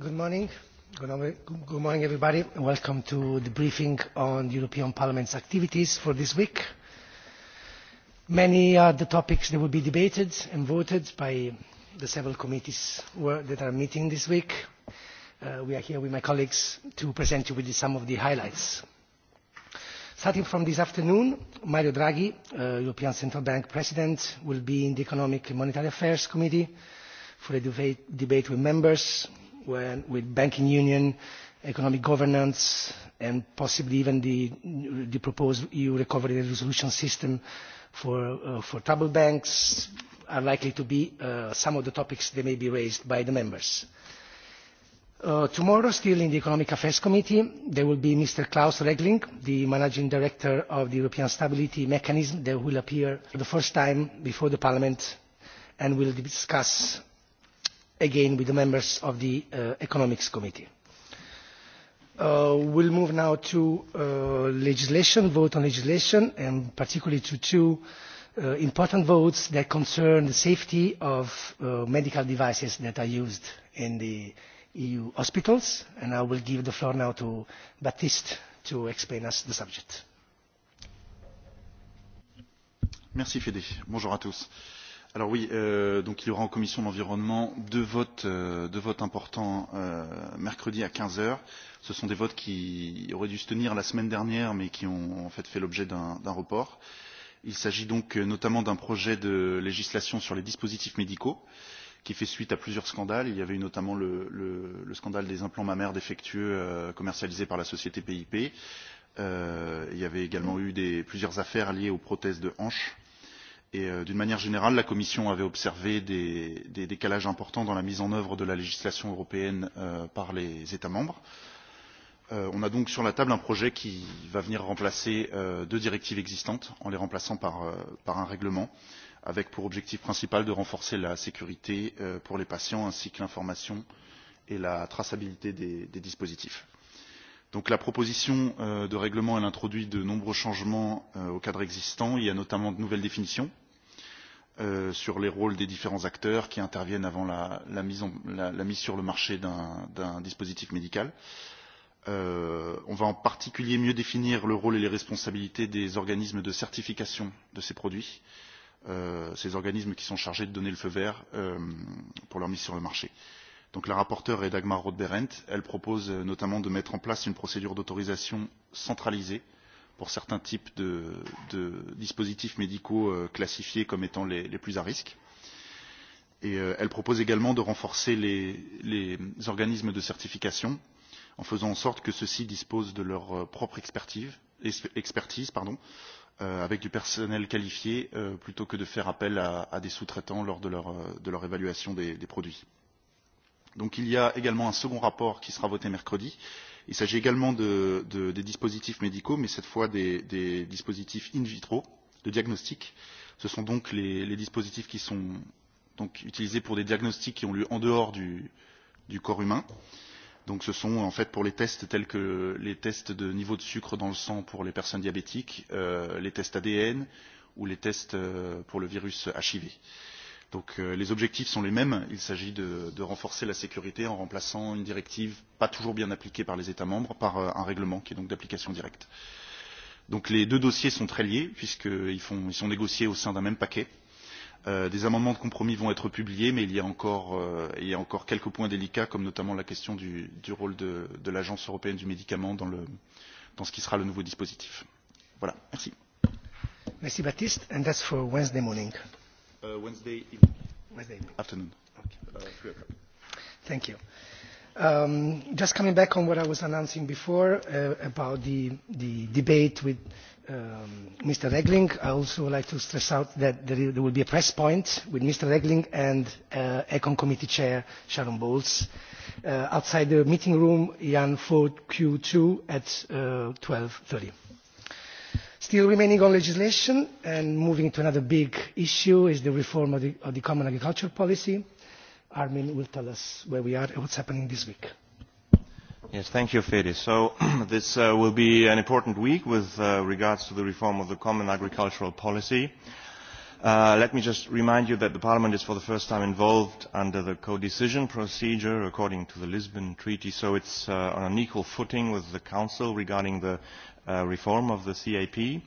Good morning. Good morning, everybody. Welcome to the briefing on the European Parliament's activities for this week. Many are the topics that will be debated and voted by the several committees that are meeting this week. Uh, we are here with my colleagues to present you with some of the highlights. Starting from this afternoon, Mario Draghi, uh, European Central Bank President, will be in the Economic and Monetary Affairs Committee for a debate with members with banking union, economic governance, and possibly even the, proposed EU recovery and resolution system uh, for, troubled banks are likely to be uh, some of the topics that may be raised by the members. Uh, tomorrow, still in the Economic Affairs Committee, there will be Mr. Klaus Regling, the Managing Director of the European Stability Mechanism, that will appear for the first time before Parliament and will discuss again with the members of the uh, economics committee. Uh, we will move now to uh, legislation vote on legislation and particularly to two uh, important votes that concern the safety of uh, medical devices that are used in the eu hospitals and i will give the floor now to baptiste to explain us the subject. merci fede. bonjour à tous Alors oui, euh, donc il y aura en commission de l'environnement deux votes, euh, deux votes importants euh, mercredi à 15h. Ce sont des votes qui auraient dû se tenir la semaine dernière, mais qui ont en fait fait l'objet d'un report. Il s'agit donc euh, notamment d'un projet de législation sur les dispositifs médicaux, qui fait suite à plusieurs scandales. Il y avait eu notamment le, le, le scandale des implants mammaires défectueux euh, commercialisés par la société PIP. Euh, il y avait également eu des, plusieurs affaires liées aux prothèses de hanches. Euh, et euh, d'une manière générale, la Commission avait observé des, des décalages importants dans la mise en œuvre de la législation européenne euh, par les États membres. Euh, on a donc sur la table un projet qui va venir remplacer euh, deux directives existantes en les remplaçant par, euh, par un règlement avec pour objectif principal de renforcer la sécurité euh, pour les patients ainsi que l'information et la traçabilité des, des dispositifs. Donc la proposition euh, de règlement elle introduit de nombreux changements euh, au cadre existant. Il y a notamment de nouvelles définitions Euh, sur les rôles des différents acteurs qui interviennent avant la, la, mise, en, la, la mise sur le marché d'un dispositif médical. Euh, on va en particulier mieux définir le rôle et les responsabilités des organismes de certification de ces produits, euh, ces organismes qui sont chargés de donner le feu vert euh, pour leur mise sur le marché. Donc la rapporteure est Dagmar Roth-Berendt. Elle propose euh, notamment de mettre en place une procédure d'autorisation centralisée euh, pour certains types de, de dispositifs médicaux euh, classifiés comme étant les, les plus à risque. Et euh, elle propose également de renforcer les, les organismes de certification en faisant en sorte que ceux-ci disposent de leur euh, propre expertise, expertise pardon, euh, avec du personnel qualifié euh, plutôt que de faire appel à, à des sous-traitants lors de leur, euh, de leur évaluation des, des produits. Donc il y a également un second rapport qui sera voté mercredi euh, Il s'agit également de, de, des dispositifs médicaux, mais cette fois des, des dispositifs in vitro de diagnostic. Ce sont donc les, les dispositifs qui sont donc utilisés pour des diagnostics qui ont lieu en dehors du, du corps humain. Donc ce sont en fait pour les tests tels que les tests de niveau de sucre dans le sang pour les personnes diabétiques, euh, les tests ADN ou les tests euh, pour le virus HIV. Euh, Donc euh, les objectifs sont les mêmes. Il s'agit de, de renforcer la sécurité en remplaçant une directive pas toujours bien appliquée par les États membres par euh, un règlement qui est donc d'application directe. Donc les deux dossiers sont très liés puisqu'ils ils sont négociés au sein d'un même paquet. Euh, des amendements de compromis vont être publiés, mais il y a encore, euh, il y a encore quelques points délicats, comme notamment la question du, du rôle de, de l'Agence européenne du médicament dans, le, dans ce qui sera le nouveau dispositif. Voilà, merci. Merci Baptiste, and that's for Wednesday morning. Uh, Wednesday Afternoon. Uh, Thank you. Um, just coming back on what I was announcing before uh, about the, the debate with um, Mr. Regling, I also would like to stress out that there, there will be a press point with Mr. Regling and uh, Econ Committee Chair Sharon Bowles uh, outside the meeting room, Jan 4Q2 at uh, still remaining on legislation and moving to another big issue is the reform of the, of the common agricultural policy. armin will tell us where we are and what is happening this week. Yes, thank you, Fede. So this uh, will be an important week with uh, regards to the reform of the common agricultural policy. Uh, let me just remind you that Parliament is for the first time involved under the codecision procedure according to the Lisbon Treaty, so it's is uh, on an equal footing with the Council regarding the uh, reform of the CAP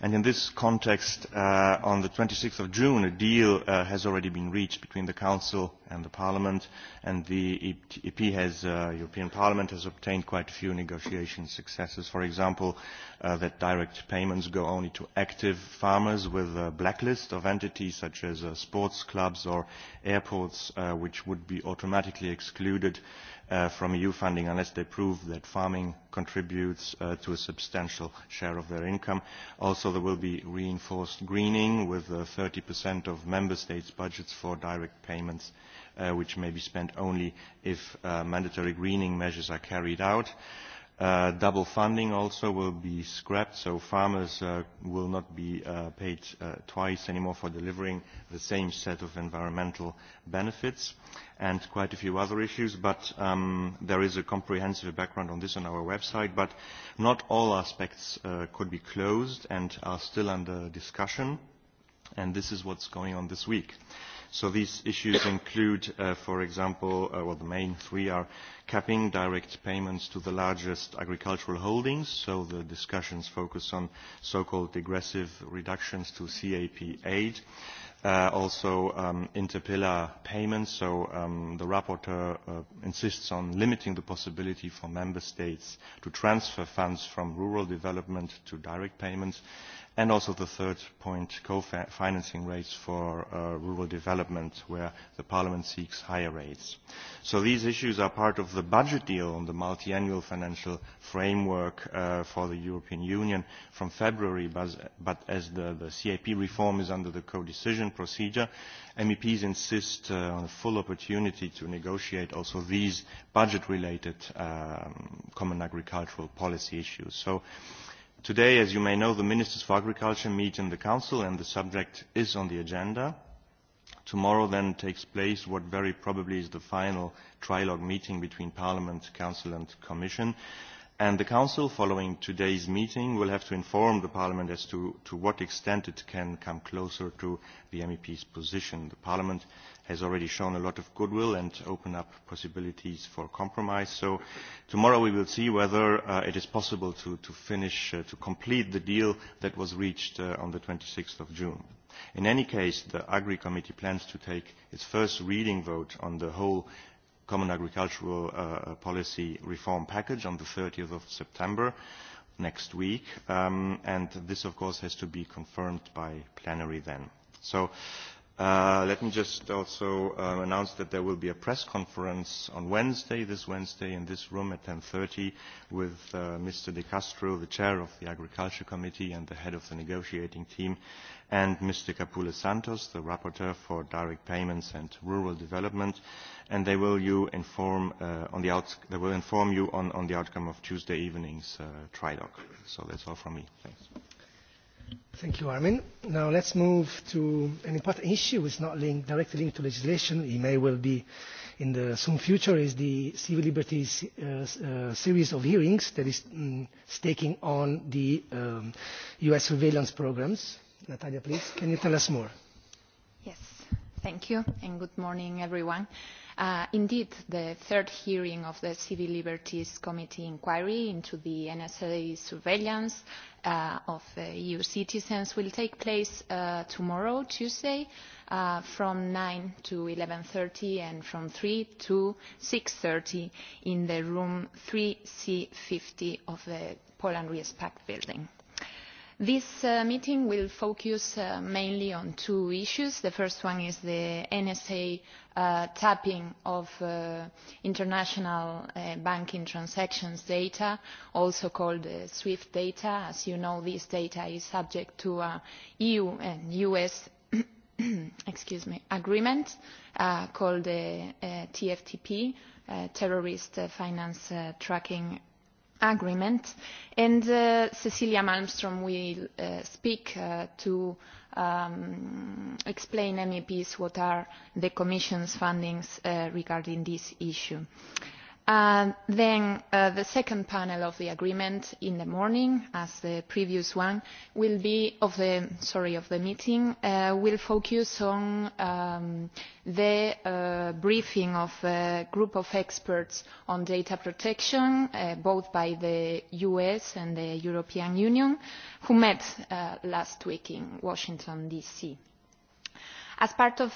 and in this context uh, on the 26th of June a deal uh, has already been reached between the Council and the Parliament and the EP e has, uh, European Parliament has obtained quite a few negotiation successes. For example, uh, that direct payments go only to active farmers with a blacklist of entities such as uh, sports clubs or airports uh, which would be automatically excluded uh, Uh, from EU funding unless they prove that farming contributes uh, to a substantial share of their income. Also, there will be reinforced greening with uh, 30% of member states' budgets for direct payments, uh, which may be spent only if uh, mandatory greening measures are carried out. Uh, double funding also will be scrapped, so farmers uh, will not be uh, paid uh, twice anymore for delivering the same set of environmental benefits, and quite a few other issues. But um, there is a comprehensive background on this on our website. But not all aspects uh, could be closed and are still under discussion, and this is what's going on this week. Uh, So these issues include, uh, for example, uh, well, the main three are capping direct payments to the largest agricultural holdings. So the discussions focus on so-called digressive reductions to CAP aid. Uh, also um, interpillar payments, so um, the rapporteur uh, insists on limiting the possibility for member states to transfer funds from rural development to direct payments and also the third point, co-financing rates for uh, rural development, where the Parliament seeks higher rates. So these issues are part of the budget deal on the multi-annual financial framework uh, for the European Union from February, but, but as the, the CAP reform is under the co-decision procedure, MEPs insist uh, on a full opportunity to negotiate also these budget-related um, common agricultural policy issues. So today as you may know the ministers for agriculture meet in the council and the subject is on the agenda. tomorrow then takes place what very probably is the final trilogue meeting between parliament council and commission and the council following today's meeting will have to inform parliament as to, to what extent it can come closer to the mep's position. the parliament has already shown a lot of goodwill and opened up possibilities for compromise so tomorrow we will see whether uh, it is possible to, to finish uh, to complete the deal that was reached uh, on the 26th of june. in any case the agri committee plans to take its first reading vote on the whole common agricultural uh, uh, policy reform package on the 30th of September next week. Um, and this, of course, has to be confirmed by plenary then. So Uh, let me just also uh, announce that there will be a press conference on Wednesday, this Wednesday, in this room at 10.30 with uh, Mr. De Castro, the chair of the Agriculture Committee and the head of the negotiating team, and Mr. Capula Santos, the rapporteur for direct payments and rural development, and they will, you inform, uh, on the out they will inform you on, on the outcome of Tuesday evening's uh, trilogue. So that's all from me. Thanks. Thank you, Armin. Now let's move to an important issue which is not link, directly linked to legislation. It may well be in the soon future is the civil liberties uh, uh, series of hearings that is um, mm, staking on the um, U.S. surveillance programs. Natalia, please, can you tell us more? Yes, thank you, and good morning, everyone. Uh, indeed, the third hearing of the Civil Liberties Committee inquiry into the NSA surveillance uh, of EU e citizens will take place uh, tomorrow, Tuesday, from 9 to 11.30 and from 3 to 6.30 in the room 3C50 of the Poland Respect building. This uh, meeting will focus uh, mainly on two issues. The first one is the NSA uh, tapping of international banking transactions data, also called SWIFT data. As you know, this data is subject to an EU and US agreement called the TFTP, Terrorist Finance Tracking agreement and uh, cecilia Malmström will uh, speak uh, to um, explain meps what are the commission's findings uh, regarding this issue. Um, then uh, the second panel of the agreement in the morning as the previous one will be of the sorry of the meeting uh, will focus on um, the uh, briefing of a group of experts on data protection both by the us and the european union who met last week in washington dc as part of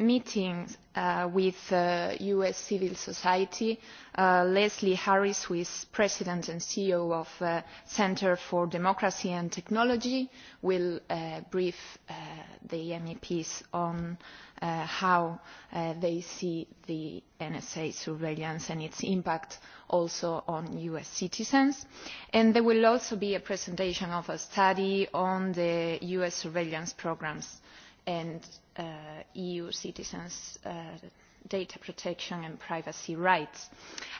Meeting uh, with us uh, civil society uh, leslie harris who is president and ceo of the centre for democracy and technology will brief the meps on how they see the nsa surveillance and its impact also on us citizens and there will also be a presentation of a study on the us surveillance programmes and Uh, EU citizens uh, data protection and privacy rights.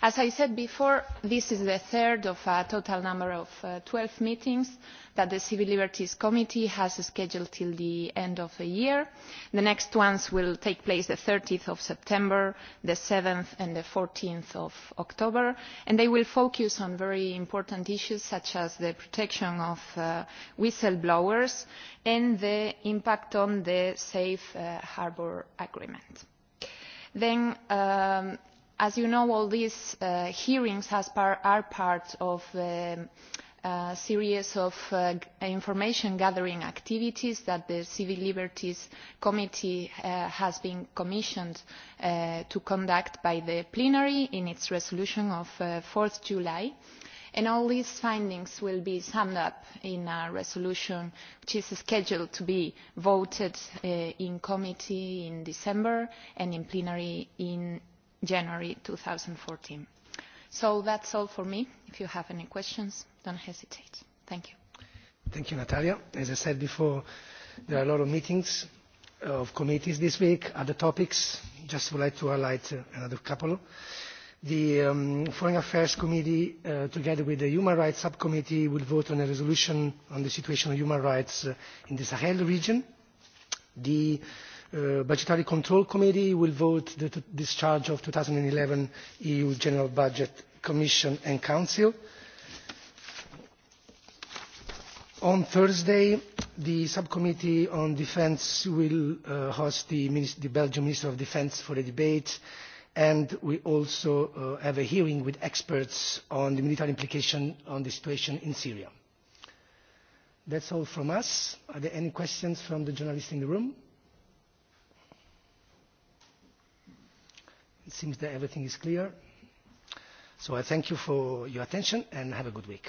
As I said before, this is the third of a total number of uh, twelve meetings that the Civil Liberties Committee has scheduled until the end of the year. The next ones will take place on thirty September, seven and fourteen October, and they will focus on very important issues such as the protection of uh, whistle blowers and the impact on the Safe uh, Harbour Agreement then um, as you know all these uh, hearings are part of um, a series of uh, information gathering activities that the civil liberties committee uh, has been commissioned to conduct by the plenary in its resolution of four july two and all these findings will be summed up in a resolution which is scheduled to be voted on uh, in committee in december and in plenary in january. two thousand and fourteen so that is all for me. if you have any questions do not hesitate. thank you. thank you natalia. as i said before there are a lot of meetings uh, of committees this week other topics. i would just like to highlight uh, another couple. of the um, Foreign Affairs Committee, uh, together with the Human Rights Subcommittee, will vote on a resolution on the situation of human rights uh, in the Sahel region. The uh, Budgetary Control Committee will vote the discharge of 2011 EU e General Budget Commission and Council. On Thursday, the subcommittee on defence will uh, host the, the Belgian Minister of Defence for a debate and we also uh, have a hearing with experts on the military implication on the situation in Syria. That's all from us. Are there any questions from the journalists in the room? It seems that everything is clear. So I thank you for your attention and have a good week.